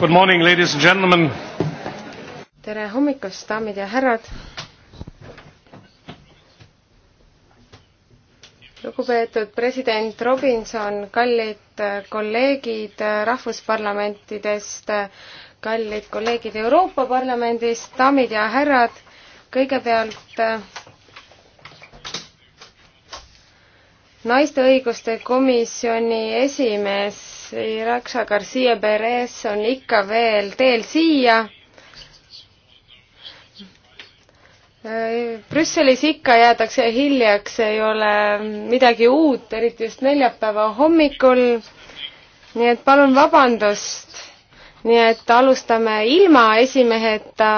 Good morning, ladies and gentlemen. tere hommikust, daamid ja härrad. lugupeetud president Robinson, kallid kolleegid rahvusparlamentidest, kallid kolleegid Euroopa Parlamendist, daamid ja härrad, kõigepealt äh, naiste õiguste komisjoni esimees Irakša Garcia Perez on ikka veel teel siia. Brüsselis ikka jäädakse hiljaks, ei ole midagi uut, eriti just neljapäeva hommikul. nii et palun vabandust. nii et alustame ilma esimeheta,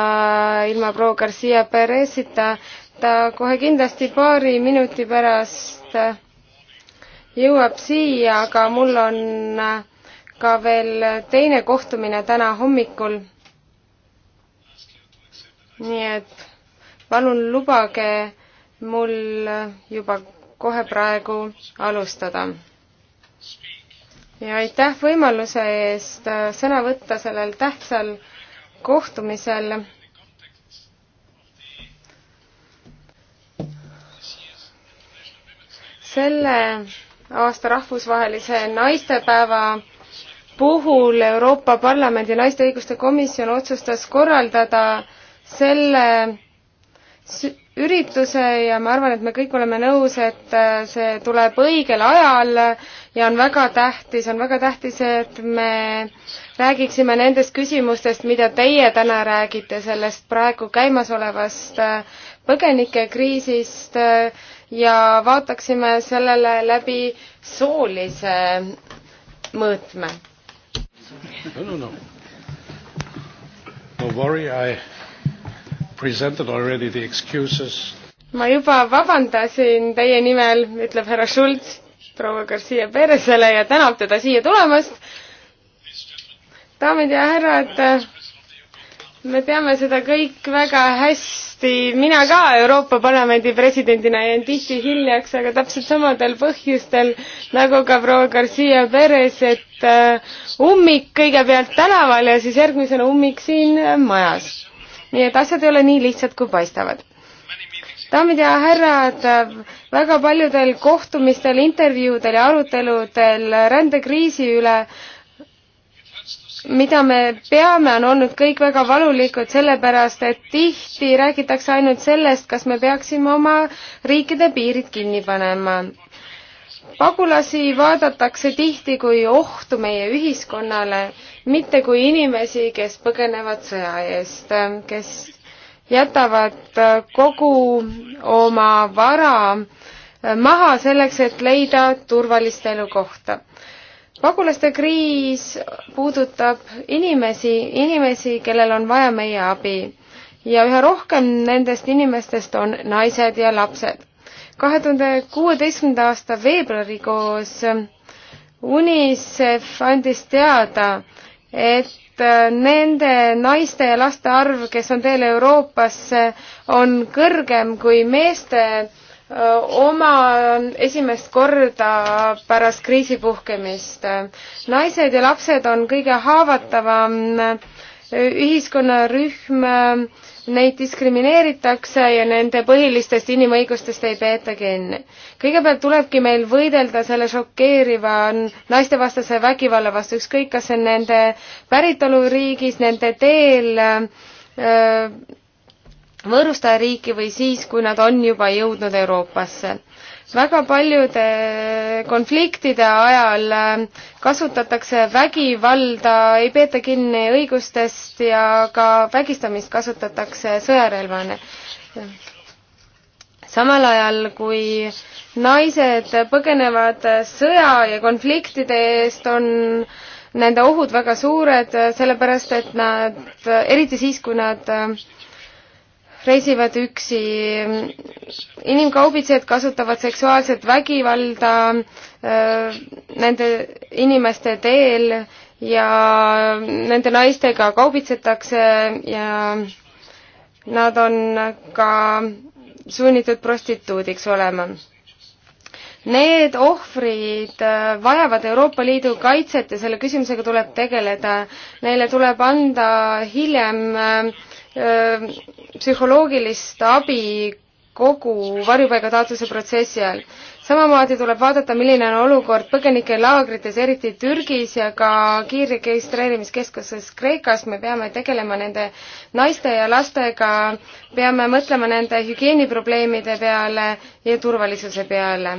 ilma proua Garcia Perezita. ta kohe kindlasti paari minuti pärast jõuab siia, aga mul on äh, ka veel teine kohtumine täna hommikul. nii et palun lubage mul juba kohe praegu alustada. ja aitäh võimaluse eest äh, sõna võtta sellel tähtsal kohtumisel. selle aasta rahvusvahelise naistepäeva puhul Euroopa Parlamendi naiste õiguste komisjon otsustas korraldada selle ürituse ja ma arvan, et me kõik oleme nõus, et äh, see tuleb õigel ajal ja on väga tähtis, on väga tähtis, et me räägiksime nendest küsimustest, mida teie täna räägite, sellest praegu käimasolevast äh, põgenikekriisist, äh, ja vaataksime sellele läbi soolise mõõtme. no no no. Don't worry, I presented already the excuses. ma juba vabandasin teie nimel, ütleb härra Schultz proua Garcia Peresele ja tänab teda siia tulemast. daamid ja härrad, me teame seda kõik väga hästi tõesti mina ka Euroopa Parlamendi presidendina jään tihti hiljaks, aga täpselt samadel põhjustel nagu ka proua Garcia Perez, et äh, ummik kõigepealt tänaval ja siis järgmisena ummik siin äh, majas. nii et asjad ei ole nii lihtsad, kui paistavad. daamid ja härrad, äh, väga paljudel kohtumistel, intervjuudel ja aruteludel rändekriisi üle mida me peame, on olnud kõik väga valulikud, sellepärast et tihti räägitakse ainult sellest, kas me peaksime oma riikide piirid kinni panema. pagulasi vaadatakse tihti kui ohtu meie ühiskonnale, mitte kui inimesi, kes põgenevad sõja eest, kes jätavad kogu oma vara maha selleks, et leida turvalist elukohta pagulaste kriis puudutab inimesi, inimesi, kellel on vaja meie abi ja üha rohkem nendest inimestest on naised ja lapsed. kahe tuhande kuueteistkümnenda aasta veebruarikuus UNICEF andis teada, et nende naiste ja laste arv, kes on teel Euroopasse, on kõrgem kui meeste oma ähm, esimest korda pärast kriisi puhkemist. naised ja lapsed on kõige haavatavam ühiskonnarühm, neid diskrimineeritakse ja nende põhilistest inimõigustest ei peeta kinni. kõigepealt tulebki meil võidelda selle šokeeriva naistevastase vägivalla vastu, ükskõik kas see on nende päritoluriigis, nende teel öö, võõrustajariiki või siis, kui nad on juba jõudnud Euroopasse. väga paljude konfliktide ajal äh, kasutatakse vägivalda, ei peeta kinni õigustest ja ka vägistamist kasutatakse sõjarelvana. samal ajal, kui naised põgenevad sõja ja konfliktide eest, on nende ohud väga suured, sellepärast et nad, eriti siis, kui nad äh, reisivad üksi, inimkaubitsejad kasutavad seksuaalset vägivalda äh, nende inimeste teel ja nende naistega kaubitsetakse ja nad on ka sunnitud prostituudiks olema. Need ohvrid äh, vajavad Euroopa Liidu kaitset ja selle küsimusega tuleb tegeleda. Neile tuleb anda hiljem äh, psühholoogilist abi kogu varjupaigataotluse protsessi ajal. samamoodi tuleb vaadata, milline on olukord põgenikelaagrites, eriti Türgis ja ka kiirregistreerimiskeskuses Kreekas. me peame tegelema nende naiste ja lastega, peame mõtlema nende hügieeniprobleemide peale ja turvalisuse peale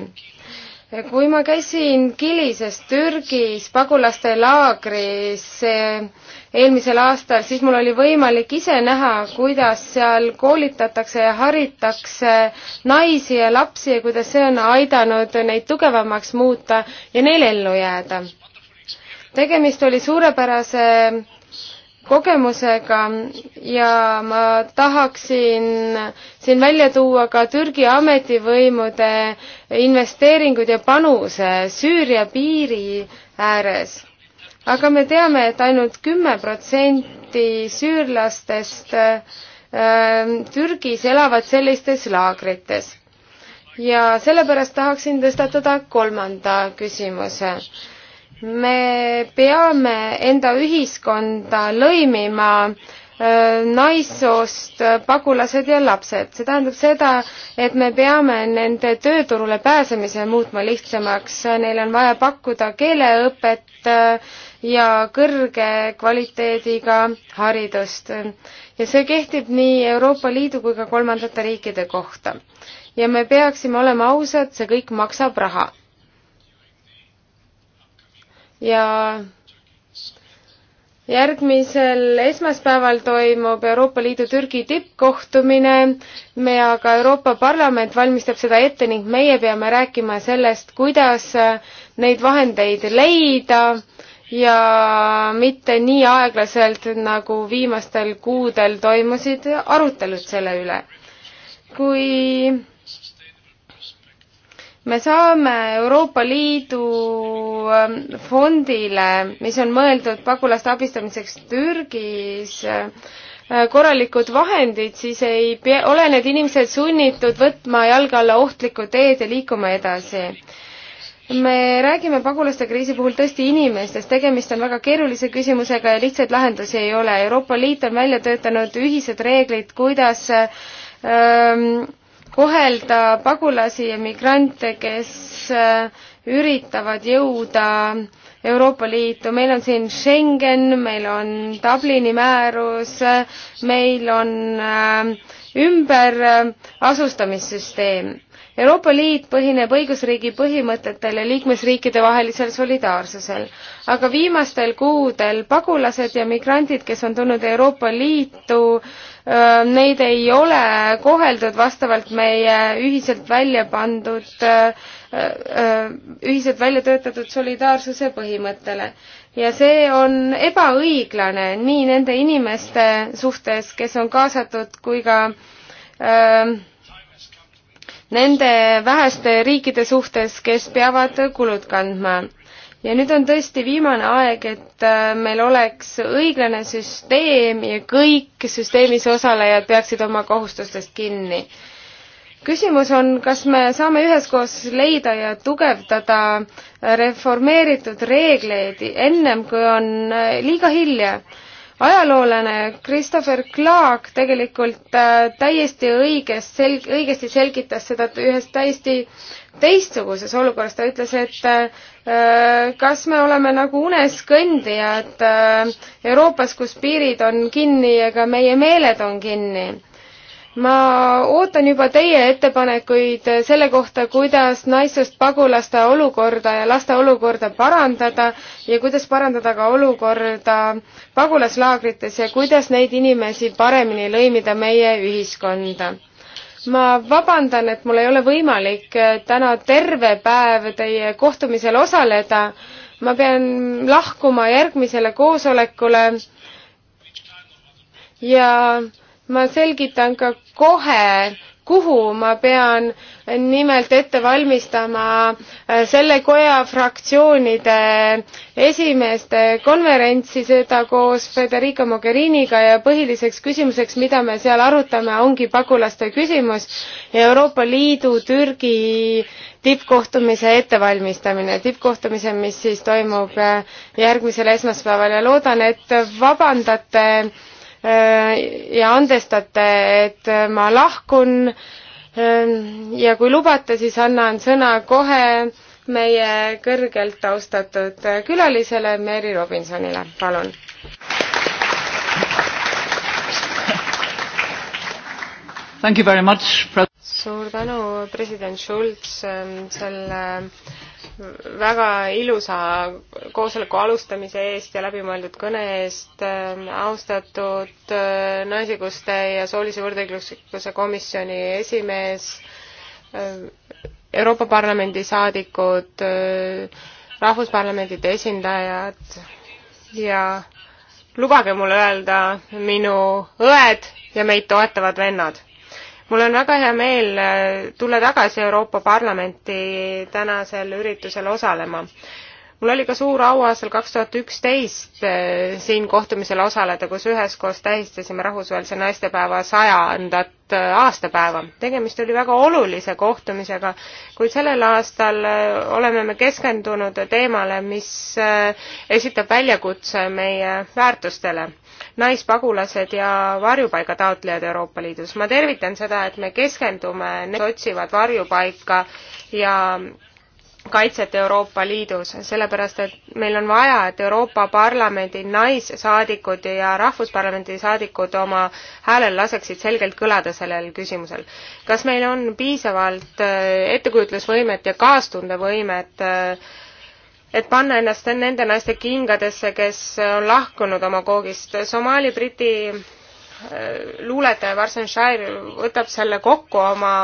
kui ma käisin Kilises Türgis pagulaste laagris eh, eelmisel aastal, siis mul oli võimalik ise näha, kuidas seal koolitatakse ja haritakse naisi ja lapsi ja kuidas see on aidanud neid tugevamaks muuta ja neil ellu jääda. tegemist oli suurepärase kogemusega ja ma tahaksin siin välja tuua ka Türgi ametivõimude investeeringud ja panuse Süüria piiri ääres. aga me teame, et ainult kümme protsenti süürlastest ähm, Türgis elavad sellistes laagrites. ja sellepärast tahaksin tõstatada kolmanda küsimuse me peame enda ühiskonda lõimima äh, naissoost pagulased ja lapsed. see tähendab seda, et me peame nende tööturule pääsemise muutma lihtsamaks, neile on vaja pakkuda keeleõpet äh, ja kõrge kvaliteediga haridust. ja see kehtib nii Euroopa Liidu kui ka kolmandate riikide kohta. ja me peaksime olema ausad, see kõik maksab raha ja järgmisel esmaspäeval toimub Euroopa Liidu Türgi tippkohtumine, me aga Euroopa Parlament valmistab seda ette ning meie peame rääkima sellest, kuidas neid vahendeid leida ja mitte nii aeglaselt, nagu viimastel kuudel toimusid arutelud selle üle. kui me saame Euroopa Liidu ähm, fondile, mis on mõeldud pagulaste abistamiseks Türgis, äh, korralikud vahendid, siis ei pea, ole need inimesed sunnitud võtma jalge alla ohtlikku teed ja liikuma edasi. me räägime pagulaste kriisi puhul tõesti inimestest, tegemist on väga keerulise küsimusega ja lihtsaid lahendusi ei ole. Euroopa Liit on välja töötanud ühised reeglid, kuidas ähm, kohelda pagulasi ja migrante, kes äh, üritavad jõuda Euroopa Liitu, meil on siin Schengen, meil on Dublini määrus, meil on äh, ümberasustamissüsteem äh, Euroopa Liit põhineb õigusriigi põhimõtetel ja liikmesriikide vahelisel solidaarsusel, aga viimastel kuudel pagulased ja migrandid, kes on tulnud Euroopa Liitu, neid ei ole koheldud vastavalt meie ühiselt välja pandud, ühiselt välja töötatud solidaarsuse põhimõttele. ja see on ebaõiglane nii nende inimeste suhtes, kes on kaasatud, kui ka öö, nende väheste riikide suhtes, kes peavad kulud kandma. ja nüüd on tõesti viimane aeg, et äh, meil oleks õiglane süsteem ja kõik süsteemis osalejad peaksid oma kohustustest kinni küsimus on, kas me saame üheskoos leida ja tugevdada reformeeritud reegleid ennem, kui on äh, liiga hilja ajaloolane Christopher Clark tegelikult äh, täiesti õigest sel-, õigesti selgitas seda ühes täiesti teistsuguses olukorras, ta ütles, et äh, äh, kas me oleme nagu unes kõndijad Euroopas, kus piirid on kinni ja ka meie meeled on kinni ma ootan juba teie ettepanekuid selle kohta, kuidas naissoost pagulaste olukorda ja laste olukorda parandada ja kuidas parandada ka olukorda pagulaslaagrites ja kuidas neid inimesi paremini lõimida meie ühiskonda. ma vabandan, et mul ei ole võimalik täna terve päev teie kohtumisel osaleda. ma pean lahkuma järgmisele koosolekule ja ma selgitan ka kohe, kuhu ma pean nimelt ette valmistama äh, selle koja fraktsioonide esimeeste konverentsi, seda koos Federica Mogheriniga ja põhiliseks küsimuseks, mida me seal arutame, ongi pagulaste küsimus ja Euroopa Liidu Türgi tippkohtumise ettevalmistamine, tippkohtumise, mis siis toimub äh, järgmisel esmaspäeval ja loodan, et vabandate Äh, ja andestate, et ma lahkun. Ähm, ja kui lubate, siis annan sõna kohe meie kõrgelt austatud külalisele Mary Robinsonile, palun. suur tänu, president Schulz, ähm, selle väga ilusa koosoleku alustamise eest ja läbimõeldud kõne eest, ähm, austatud äh, Naisõiguste ja soolise võrdõiguslikkuse komisjoni esimees, ähm, Euroopa Parlamendi saadikud, äh, rahvusparlamendide esindajad ja lubage mul öelda, minu õed ja meid toetavad vennad mul on väga hea meel äh, tulla tagasi Euroopa Parlamenti tänasel üritusel osalema mul oli ka suur au aastal kaks tuhat üksteist äh, siin kohtumisel osaleda, kus üheskoos tähistasime rahvusvahelise naistepäeva sajandat äh, aastapäeva. tegemist oli väga olulise kohtumisega, kuid sellel aastal äh, oleme me keskendunud teemale, mis esitab väljakutse meie väärtustele naispagulased ja varjupaiga taotlejad Euroopa Liidus. ma tervitan seda, et me keskendume, need otsivad varjupaika ja kaitset Euroopa Liidus, sellepärast et meil on vaja, et Euroopa Parlamendi naissaadikud ja Rahvusparlamendi saadikud oma häälel laseksid selgelt kõlada sellel küsimusel. kas meil on piisavalt äh, ettekujutlusvõimet ja kaastundevõimet äh, et panna ennast nende naiste kingadesse, kes on lahkunud oma koogist. Somaali briti äh, luuletaja Varsen Shire võtab selle kokku oma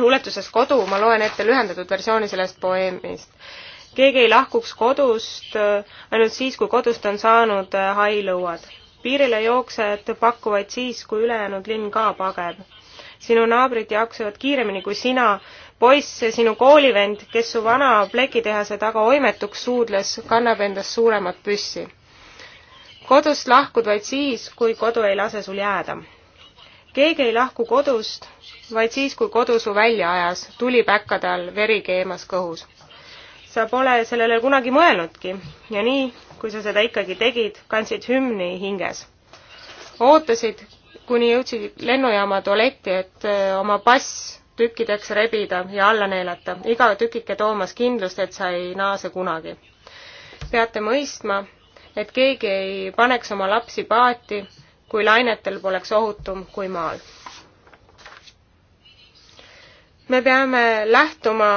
luuletuses Kodu, ma loen ette lühendatud versiooni sellest poeemist. keegi ei lahkuks kodust äh, ainult siis, kui kodust on saanud äh, hailõuad. piirile jooksjad pakuvad siis, kui ülejäänud linn ka pageb. sinu naabrid jaksuvad kiiremini kui sina, poiss, sinu koolivend, kes su vana plekitehase taga oimetuks suudles, kannab endas suuremat püssi kodust lahkud vaid siis, kui kodu ei lase sul jääda keegi ei lahku kodust, vaid siis, kui kodusu välja ajas, tuli päkkade all, veri keemas kõhus. sa pole sellele kunagi mõelnudki ja nii, kui sa seda ikkagi tegid, kandsid hümni hinges. ootasid, kuni jõudsid lennujaama tualetti, et äh, oma pass tükkideks rebida ja alla neelata, iga tükike toomas kindlust, et sa ei naase kunagi. peate mõistma, et keegi ei paneks oma lapsi paati kui lainetel poleks ohutum kui maal. me peame lähtuma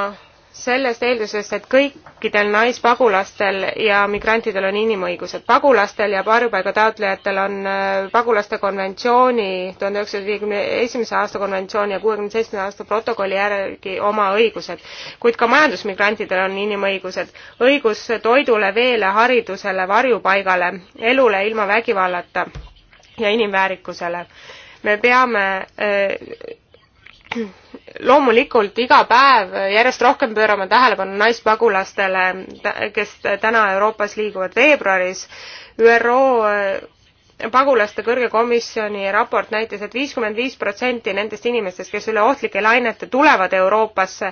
sellest eeldusest, et kõikidel naispagulastel ja migrantidel on inimõigused. pagulastel ja varjupaiga taotlejatel on äh, pagulaste konventsiooni, tuhande üheksasaja viiekümne esimese aasta konventsiooni ja kuuekümne seitsmenda aasta protokolli järgi oma õigused. kuid ka majandusmigrantidel on inimõigused. õigus toidule, veele, haridusele, varjupaigale, elule ilma vägivallata ja inimväärikusele. me peame äh, loomulikult iga päev järjest rohkem pöörama tähelepanu naispagulastele, kes täna Euroopas liiguvad. veebruaris ÜRO äh, pagulaste kõrge komisjoni raport näitas et, et viiskümmend viis protsenti nendest inimestest, kes üle ohtlike lainete tulevad Euroopasse,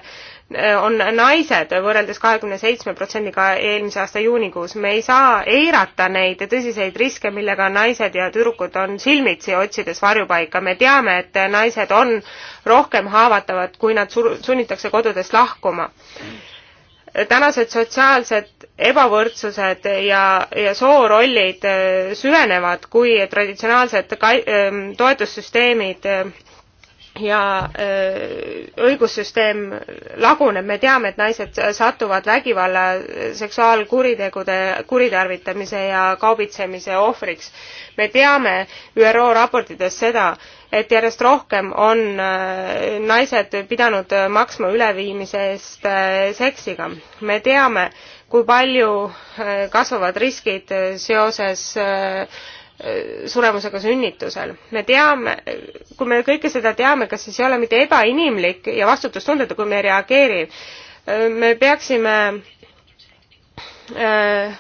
on naised, võrreldes kahekümne seitsme protsendiga eelmise aasta juunikuus. me ei saa eirata neid tõsiseid riske, millega naised ja tüdrukud on silmitsi, otsides varjupaika. me teame, et naised on rohkem haavatavad, kui nad sunnitakse kodudest lahkuma tänased sotsiaalsed ebavõrdsused ja, ja soorollid äh, süvenevad, kui traditsionaalsed ka, ähm, toetussüsteemid äh, ja öö, äh, õigussüsteem laguneb, me teame, et naised satuvad vägivalla, seksuaalkuritegude, kuritarvitamise ja kaubitsemise ohvriks. me teame ÜRO raportites seda, et järjest rohkem on öö, äh, naised pidanud maksma üleviimise eest öö, äh, seksiga. me teame, kui palju öö, kasvavad riskid öö, seoses öö, suremusega sünnitusel. me teame, kui me kõike seda teame, kas siis ei ole mitte ebainimlik ja vastutustundetu, kui me ei reageeri. me peaksime äh,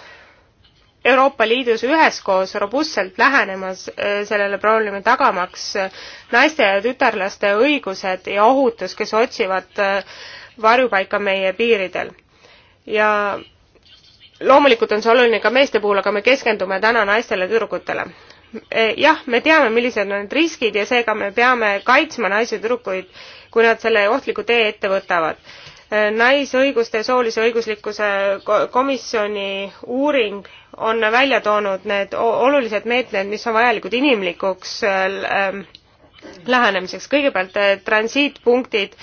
Euroopa Liidus üheskoos robustselt lähenemas äh, sellele probleemile, tagamaks äh, naiste ja tütarlaste õigused ja ohutus, kes otsivad varjupaika meie piiridel. ja loomulikult on see oluline ka meeste puhul, aga me keskendume täna naistele, tüdrukutele. E, jah, me teame, millised on need riskid ja seega me peame kaitsma naisi ja tüdrukuid, kui nad selle ohtliku tee ette võtavad. E, naisõiguste ja soolise õiguslikkuse komisjoni uuring on välja toonud need olulised meetmed, mis on vajalikud inimlikuks äh, lähenemiseks. kõigepealt eh, transiitpunktid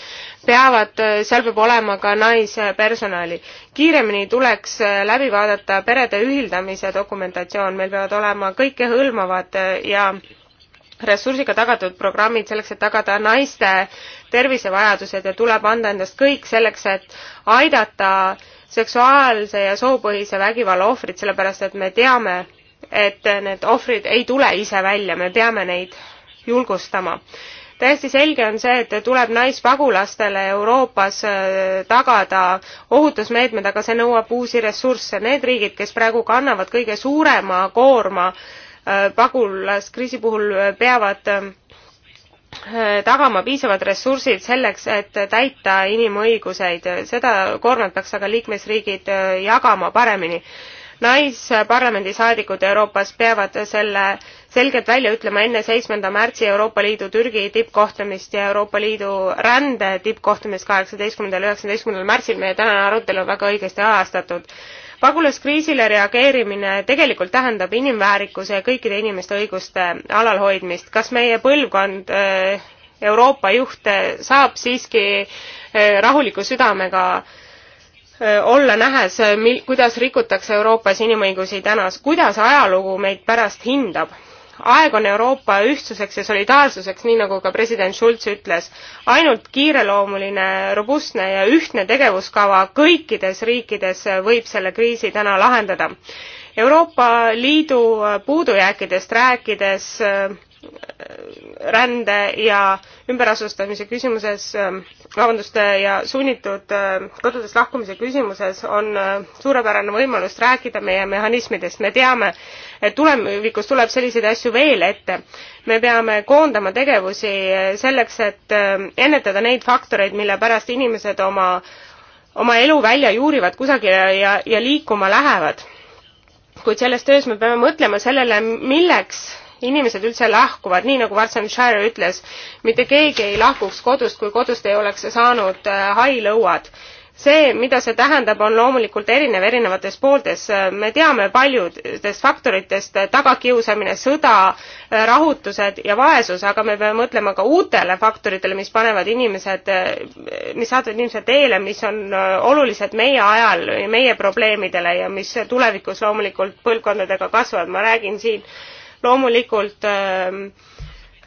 peavad, eh, seal peab olema ka naispersonali. kiiremini tuleks eh, läbi vaadata perede ühildamise dokumentatsioon, meil peavad olema kõikehõlmavad ja ressursiga tagatud programmid selleks, et tagada naiste tervisevajadused ja tuleb anda endast kõik selleks, et aidata seksuaalse ja soopõhise vägivalla ohvrit, sellepärast et me teame, et need ohvrid ei tule ise välja, me peame neid julgustama. täiesti selge on see, et tuleb naispagulastele Euroopas äh, tagada ohutusmeetmed, aga see nõuab uusi ressursse. Need riigid, kes praegu kannavad kõige suurema koorma äh, pagulaskriisi puhul, äh, peavad tagama piisavad ressursid selleks, et täita inimõiguseid. seda koormat peaks aga liikmesriigid jagama paremini. naisparlamendisaadikud Euroopas peavad selle äh, selgelt välja ütlema enne seitsmenda märtsi Euroopa Liidu Türgi tippkohtumist ja Euroopa Liidu rände tippkohtumist kaheksateistkümnendal, üheksateistkümnendal märtsil, meie tänane arutelu on väga õigesti ajastatud pagulaskriisile reageerimine tegelikult tähendab inimväärikuse ja kõikide inimeste õiguste alalhoidmist. kas meie põlvkond äh, Euroopa juhte äh, saab siiski äh, rahuliku südamega olla nähes, kuidas rikutakse Euroopas inimõigusi tänas, kuidas ajalugu meid pärast hindab? aeg on Euroopa ühtsuseks ja solidaarsuseks, nii nagu ka president Schulz ütles. ainult kiireloomuline, robustne ja ühtne tegevuskava kõikides riikides võib selle kriisi täna lahendada. Euroopa Liidu puudujääkidest rääkides äh, rände ja ümberasustamise küsimuses, ähm, vabandust, äh, ja sunnitud ähm, kodudest lahkumise küsimuses on äh, suurepärane võimalus rääkida meie mehhanismidest. me teame, et tulevikus tuleb selliseid asju veel ette. me peame koondama tegevusi äh, selleks, et ähm, ennetada neid faktoreid, mille pärast inimesed oma, oma elu välja juurivad kusagile ja, ja liikuma lähevad kuid selles töös me peame mõtlema sellele, milleks inimesed üldse lahkuvad, nii nagu Varsan Shire ütles, mitte keegi ei lahkuks kodust, kui kodust ei oleks saanud äh, hailõuad see, mida see tähendab, on loomulikult erinev erinevates pooltes. me teame paljudest faktoritest, äh, tagakiusamine, sõda, äh, rahutused ja vaesus, aga me peame mõtlema ka uutele faktoritele, mis panevad inimesed, mis saadavad inimesed teele, mis on olulised meie ajal, meie probleemidele ja mis tulevikus loomulikult põlvkondadega kasvavad. ma räägin siin äh, loomulikult ähm,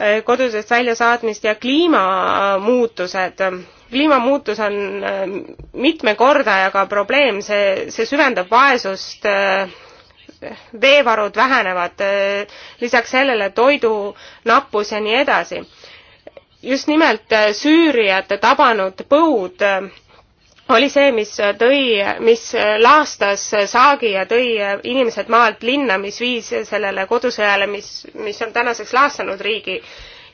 äh, kodusest väljasaatmist ja kliimamuutused. kliimamuutus on ähm, mitmekordajaga probleem, see, see süvendab vaesust, äh, veevarud vähenevad, äh, lisaks sellele toidunappus ja nii edasi. just nimelt Süüriat tabanud põud oli see, mis tõi, mis laastas saagi ja tõi inimesed maalt linna, mis viis sellele kodusõjale, mis, mis on tänaseks laastanud riigi.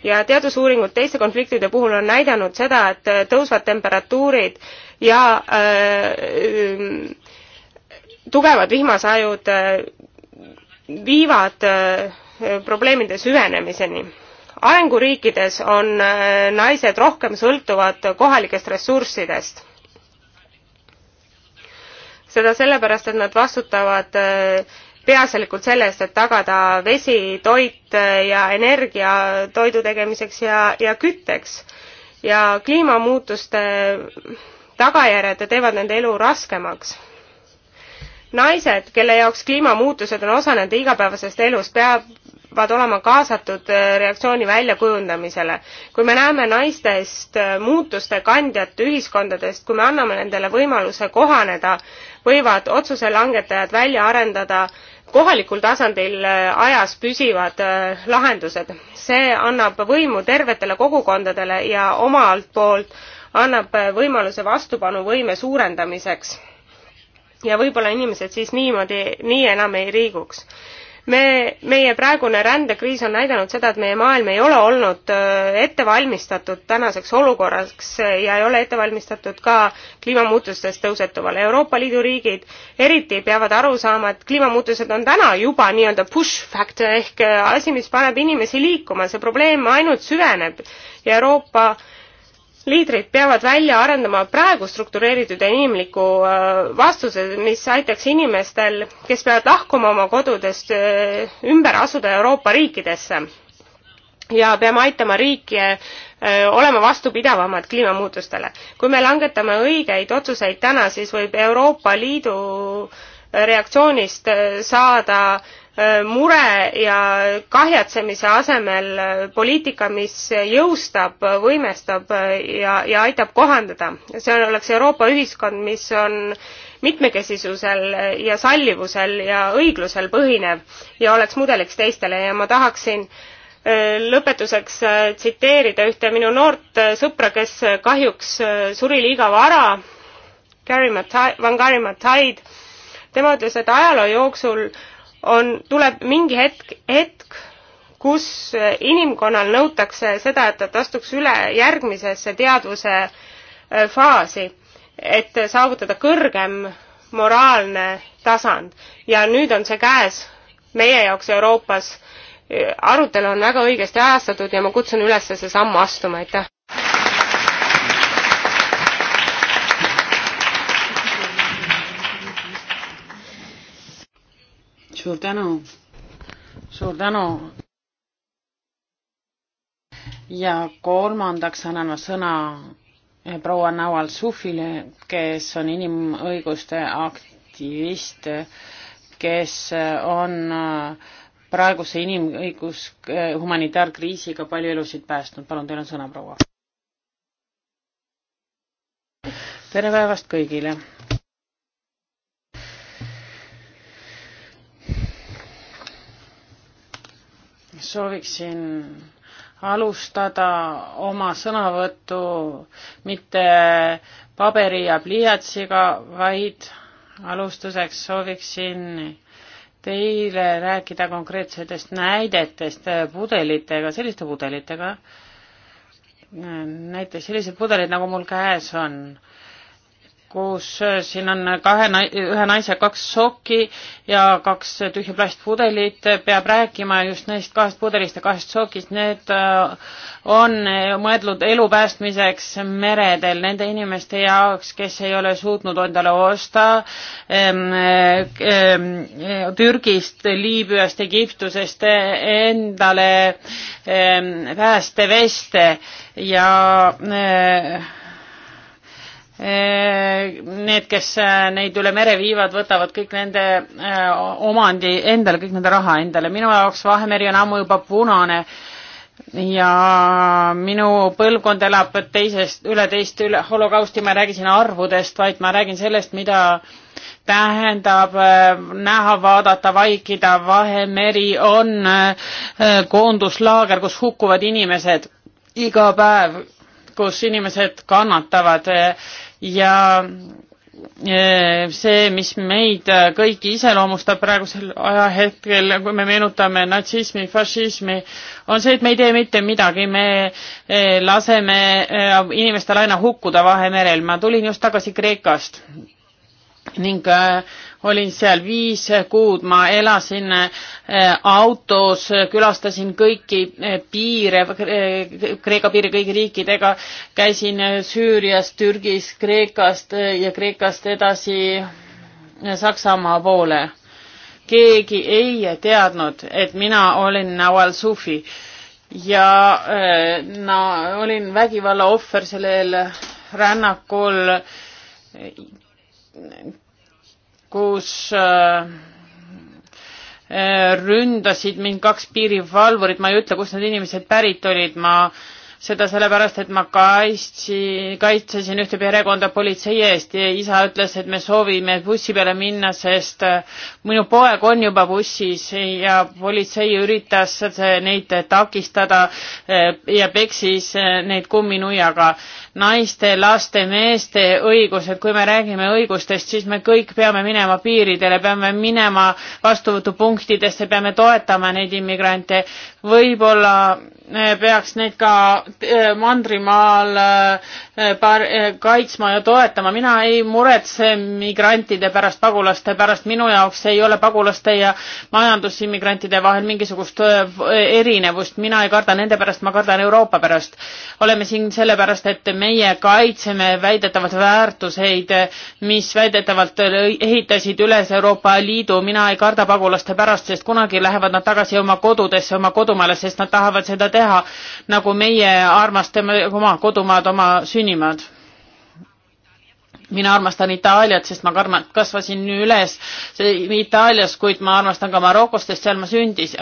ja teadusuuringud teiste konfliktide puhul on näidanud seda, et tõusvad temperatuurid ja äh, tugevad vihmasajud äh, viivad äh, probleemide süvenemiseni arenguriikides on äh, naised rohkem sõltuvad kohalikest ressurssidest seda sellepärast, et nad vastutavad äh, peaasjalikult selle eest, et tagada vesi, toit äh, ja energia toidu tegemiseks ja, ja kütteks. ja kliimamuutuste tagajärjed teevad nende elu raskemaks naised, kelle jaoks kliimamuutused on osa nende igapäevasest elust, peavad olema kaasatud äh, reaktsiooni väljakujundamisele. kui me näeme naistest muutuste kandjat ühiskondadest, kui me anname nendele võimaluse kohaneda võivad otsuse langetajad välja arendada kohalikul tasandil äh, ajas püsivad äh, lahendused. see annab võimu tervetele kogukondadele ja omalt poolt annab äh, võimaluse vastupanuvõime suurendamiseks. ja võib-olla inimesed siis niimoodi nii enam ei liiguks me, meie praegune rändekriis on näidanud seda, et meie maailm ei ole olnud äh, ette valmistatud tänaseks olukorraks äh, ja ei ole ette valmistatud ka kliimamuutustest tõusetuvale. Euroopa Liidu riigid eriti peavad aru saama, et kliimamuutused on täna juba nii-öelda push factor ehk äh, asi, mis paneb inimesi liikuma, see probleem ainult süveneb ja Euroopa liidrid peavad välja arendama praegu struktureeritud ja inimliku äh, vastuse, mis aitaks inimestel, kes peavad lahkuma oma kodudest, äh, ümber asuda Euroopa riikidesse. ja peame aitama riike äh, olema vastupidavamad kliimamuutustele. kui me langetame õigeid otsuseid täna, siis võib Euroopa Liidu reaktsioonist saada äh, Äh, mure ja kahjatsemise asemel äh, poliitika, mis jõustab, äh, võimestab ja, ja aitab kohandada. see oleks Euroopa ühiskond, mis on mitmekesisusel ja sallivusel ja õiglusel põhinev ja oleks mudeliks teistele ja ma tahaksin lõpetuseks tsiteerida ühte minu noort sõpra, kes kahjuks suri liiga vara, Gary Matai, Van Gary Mataid. tema ütles, et ajaloo jooksul äh, on, tuleb mingi hetk, hetk, kus inimkonnal nõutakse seda, et ta astuks üle järgmisesse teadvuse äh, faasi, et saavutada kõrgem moraalne tasand ja nüüd on see käes meie jaoks Euroopas. Äh, arutelu on väga õigesti ajastatud ja ma kutsun üles see samm astuma, aitäh! suur tänu, suur tänu. ja kolmandaks annan ma sõna eh, proua Nawal Sufile, kes on inimõiguste aktivist, kes eh, on eh, praeguse inimõigus, humanitaarkriisiga palju elusid päästnud. palun, teil on sõna, proua. tere päevast kõigile sooviksin alustada oma sõnavõttu mitte paberi ja pliiatsiga, vaid alustuseks sooviksin teile rääkida konkreetsetest näidetest pudelitega, selliste pudelitega, näiteks sellised pudelid, nagu mul käes on kus äh, siin on kahe, ühe naise kaks sokki ja kaks tühja plastpudelit, peab rääkima just neist kahest pudelist ja kahest sokist, need äh, on mõeldud elu päästmiseks meredel nende inimeste jaoks, kes ei ole suutnud endale osta ähm, ähm, Türgist, Liibüast, Egiptusest endale ähm, päästeveste ja äh, Äh, need, kes äh, neid üle mere viivad, võtavad kõik nende äh, omandi endale, kõik nende raha endale. minu jaoks Vahemeri on ammu juba punane ja minu põlvkond elab teisest, üle teist üle holokausti, ma ei räägi siin arvudest, vaid ma räägin sellest, mida tähendab näha, vaadata, vaikida. Vahemeri on koonduslaager, kus hukkuvad inimesed iga päev kus inimesed kannatavad ja e, see, mis meid kõiki iseloomustab praegusel ajahetkel, kui me meenutame natsismi, fašismi, on see, et me ei tee mitte midagi, me e, laseme e, inimestel aina hukkuda Vahemerel. ma tulin just tagasi Kreekast ning olin seal viis kuud, ma elasin eh, autos, külastasin kõiki eh, piire, eh, Kreeka piiri kõigi riikidega, käisin Süürias, Türgis, Kreekast ja Kreekast edasi Saksamaa poole. keegi ei teadnud, et mina olin Nawal Sufi ja no, olin vägivalla ohver sellel rännakul kus äh, äh, ründasid mind kaks piirivalvurit, ma ei ütle, kust need inimesed pärit olid, ma seda sellepärast, et ma kaitsi, kaitsesin ühte perekonda politsei eest ja isa ütles, et me soovime bussi peale minna, sest äh, minu poeg on juba bussis ja politsei üritas neid takistada äh, ja peksis äh, neid kumminuiaga. naiste, laste, meeste õigused, kui me räägime õigustest, siis me kõik peame minema piiridele, peame minema vastuvõtupunktidesse, peame toetama neid immigrante võib-olla eh, peaks neid ka eh, mandrimaal eh, kaitsma ja toetama. mina ei muretse migrantide pärast, pagulaste pärast, minu jaoks ei ole pagulaste ja majandusimmigrantide vahel mingisugust erinevust. mina ei karda nende pärast, ma kardan Euroopa pärast. oleme siin sellepärast, et meie kaitseme väidetavalt väärtuseid, mis väidetavalt ehitasid üles Euroopa Liidu. mina ei karda pagulaste pärast, sest kunagi lähevad nad tagasi oma kodudesse, oma kodudesse kodumaale, sest nad tahavad seda teha, nagu meie armastame oma kodumaad, oma sünnimaad. mina armastan Itaaliat, sest ma karma, kasvasin üles Itaalias, kuid ma armastan ka Marokost, sest seal ma sündis.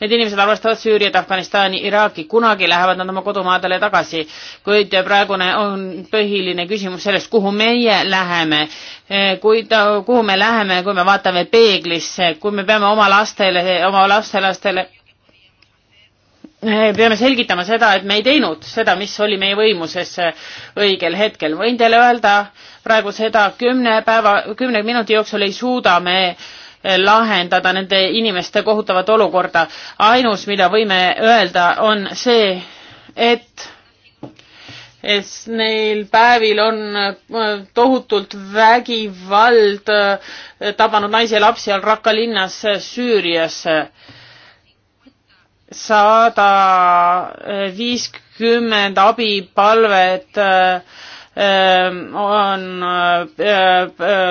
Need inimesed armastavad Süüriat, Afganistani, Iraaki, kunagi lähevad nad oma kodumaadele tagasi, kuid praegune on põhiline küsimus selles, kuhu meie läheme kui ta, kuhu me läheme, kui me vaatame peeglisse, kui me peame oma lastele, oma lastelastele peame selgitama seda, et me ei teinud seda, mis oli meie võimuses õigel hetkel. võin teile öelda praegu seda, kümne päeva, kümne minuti jooksul ei suuda me lahendada nende inimeste kohutavat olukorda. ainus, mida võime öelda, on see, et et neil päevil on äh, tohutult vägivald äh, tabanud naisi ja lapsi Al-Raqqa linnas äh, Süürias sada äh, viiskümmend abipalvet äh, äh, on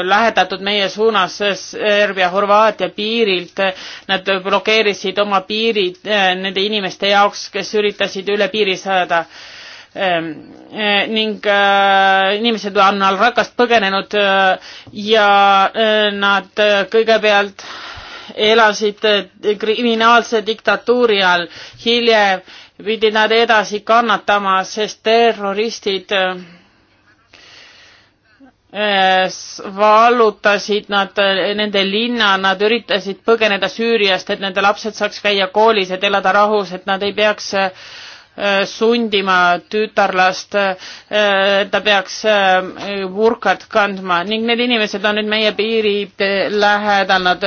lähetatud meie suunas Serbia-Horvaatia piirilt. Nad blokeerisid oma piirid nende inimeste jaoks, kes üritasid üle piiri saada ähm, ning inimesed on Alrakast põgenenud ja nad kõigepealt elasid eh, kriminaalse diktatuuri all, hiljem pidid nad edasi kannatama, sest terroristid eh, vallutasid nad eh, nende linna, nad üritasid põgeneda Süüriast, et nende lapsed saaks käia koolis, et elada rahus, et nad ei peaks sundima tütarlast, ta peaks burkat kandma ning need inimesed on nüüd meie piiride lähedal, nad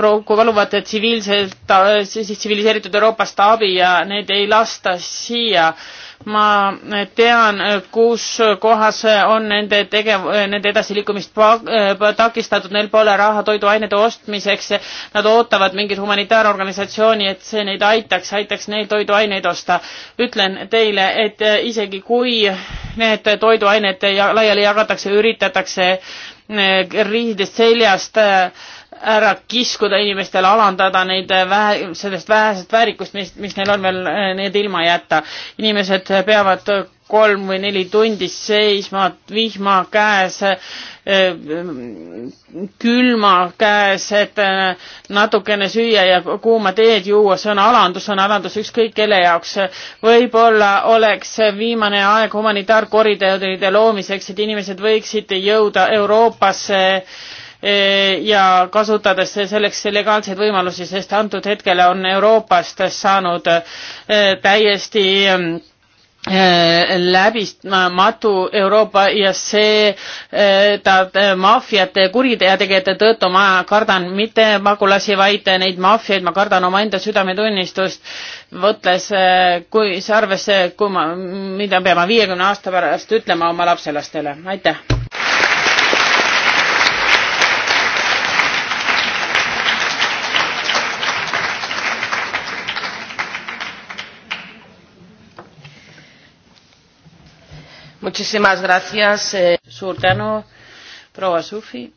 kui paluvad tsiviilselt, siis tsiviliseeritud Euroopast abi ja neid ei lasta siia. ma tean, kus kohas on nende tegev-, nende edasiliikumist takistatud, neil pole raha toiduainete ostmiseks, nad ootavad mingit humanitaarorganisatsiooni, et see neid aitaks, aitaks neil toiduaineid osta. ütlen teile, et isegi kui need toiduained laiali jagatakse, üritatakse kriisidest seljast äh, ära kiskuda inimestele, alandada neid vähe, sellest vähesest väärikust, mis, mis neil on veel, eh, need ilma jätta. inimesed peavad kolm või neli tundi seisma vihma käes, eh, külma käes, et eh, natukene süüa ja kuuma teed juua, see on alandus, on alandus ükskõik kelle jaoks. võib-olla oleks viimane aeg humanitaarkoridoride loomiseks, et inimesed võiksid jõuda Euroopasse Eh, ja kasutades selleks legaalseid võimalusi, sest antud hetkel on Euroopast saanud eh, täiesti eh, läbistamatu Euroopa ja see ta maffiate kuriteategijate tõttu ma kardan mitte pagulasi, vaid neid maffiaid, ma kardan omaenda südametunnistust, mõtles, kui see arvesse, kui ma, mida pean ma viiekümne aasta pärast ütlema oma lapselastele, aitäh Muchísimas gracias, eh, suur tänu, proua Sufi.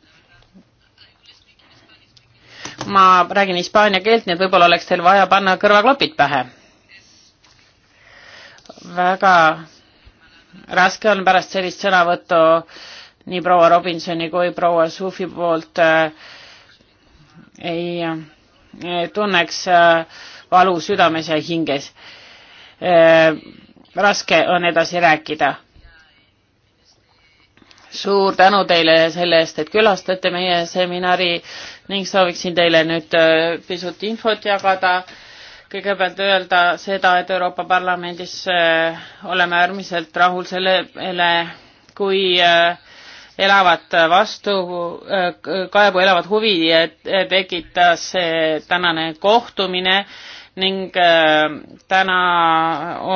ma räägin hispaania keelt, nii et võib-olla oleks teil vaja panna kõrvaklapid pähe. väga raske on pärast sellist sõnavõttu nii proua Robinsoni kui proua Sufi poolt äh, ei äh, tunneks äh, valu südames ja hinges äh,. raske on edasi rääkida suur tänu teile selle eest, et külastate meie seminari ning sooviksin teile nüüd äh, pisut infot jagada. kõigepealt öelda seda, et Euroopa Parlamendis äh, oleme äärmiselt rahul sellele, kui äh, elavat vastu, kaebu elavat huvi tekitas see tänane kohtumine ning täna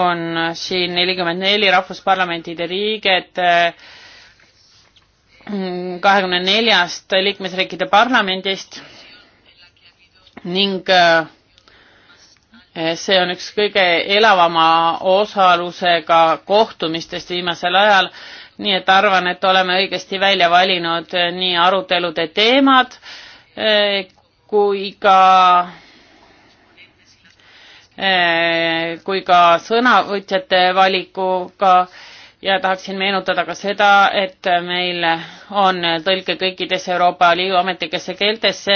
on siin nelikümmend neli rahvusparlamentide liiget kahekümne neljast liikmesriikide parlamendist ning äh, see on üks kõige elavama osalusega kohtumistest viimasel ajal, nii et arvan, et oleme õigesti välja valinud äh, nii arutelude teemad äh, kui ka kui ka sõnavõtjate valikuga ja tahaksin meenutada ka seda, et meil on tõlke kõikides Euroopa Liidu ametlikesse keeltesse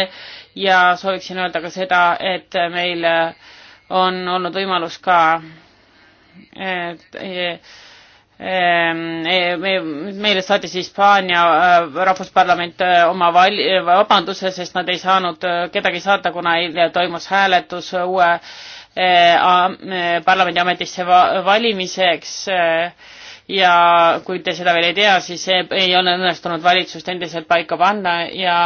ja sooviksin öelda ka seda, et meil on olnud võimalus ka et, et, Ehm, e, meile saatis Hispaania äh, rahvusparlament äh, oma val-, äh, vabanduse, sest nad ei saanud kedagi saata, kuna eile toimus hääletus uue parlamendi ametisse valimiseks ja kui te seda veel ei tea, siis ei ole õnnestunud valitsust endiselt paika panna ja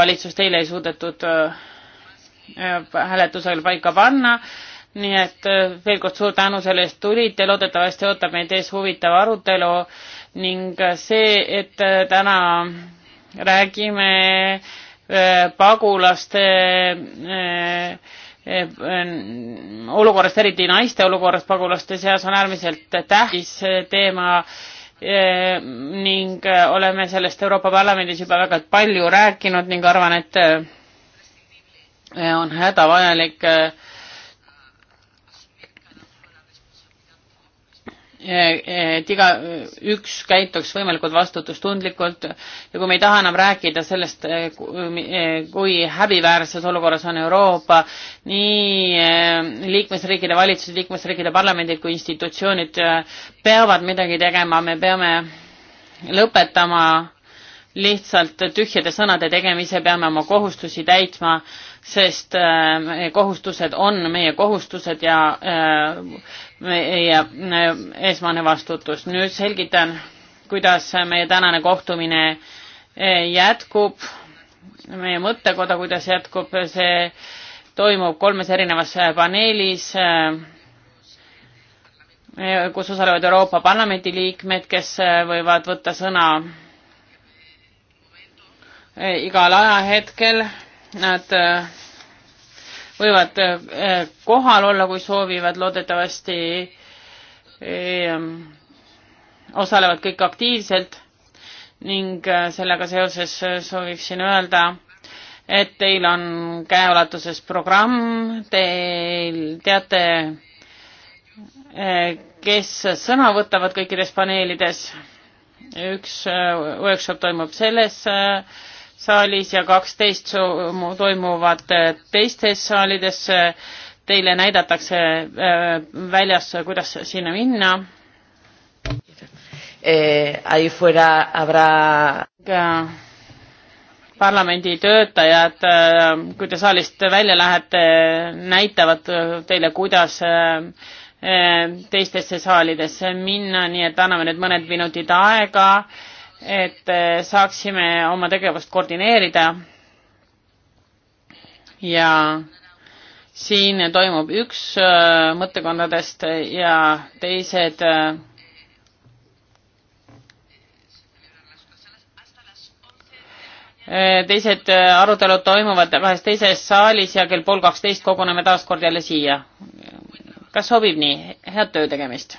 valitsust eile ei suudetud hääletusel paika panna nii et äh, veel kord suur tänu selle eest tulite, loodetavasti ootab meid ees huvitav arutelu ning äh, see, et äh, täna räägime pagulaste olukorrast, eriti naiste olukorrast pagulaste seas on äärmiselt tähtis teema ning oleme sellest Euroopa Parlamendis juba väga palju rääkinud ning arvan, et on hädavajalik äh, Eh, et igaüks käituks võimalikult vastutustundlikult ja kui me ei taha enam rääkida sellest, eh, eh, kui häbiväärses olukorras on Euroopa, nii liikmesriikide valitsused, liikmesriikide parlamendid kui institutsioonid peavad midagi tegema, me peame lõpetama lihtsalt tühjade sõnade tegemise, peame oma kohustusi täitma, sest meie äh, kohustused on meie kohustused ja äh, meie äh, esmane vastutus. nüüd selgitan, kuidas meie tänane kohtumine jätkub, meie mõttekoda, kuidas jätkub, see toimub kolmes erinevas paneelis kus osalevad Euroopa Parlamendi liikmed, kes võivad võtta sõna Eh, igal ajahetkel, nad eh, võivad eh, kohal olla, kui soovivad, loodetavasti osalevad kõik aktiivselt ning sellega seoses sooviksin öelda, et teil on käeulatuses programm, teil teate, kes sõna võtavad kõikides paneelides. üks workshop toimub selles äh, saalis ja kaksteist toimuvad äh, teistes saalides. Teile näidatakse äh, väljas, kuidas sinna minna. Äh, parlamendi töötajad, kui te saalist välja lähete, näitavad teile, kuidas teistesse saalidesse minna, nii et anname nüüd mõned minutid aega et eh, saaksime oma tegevust koordineerida. ja siin toimub üks eh, mõttekondadest ja teised eh, teised arutelud toimuvad ühes teises saalis ja kell pool kaksteist koguneme taas kord jälle siia. kas sobib nii? head töö tegemist!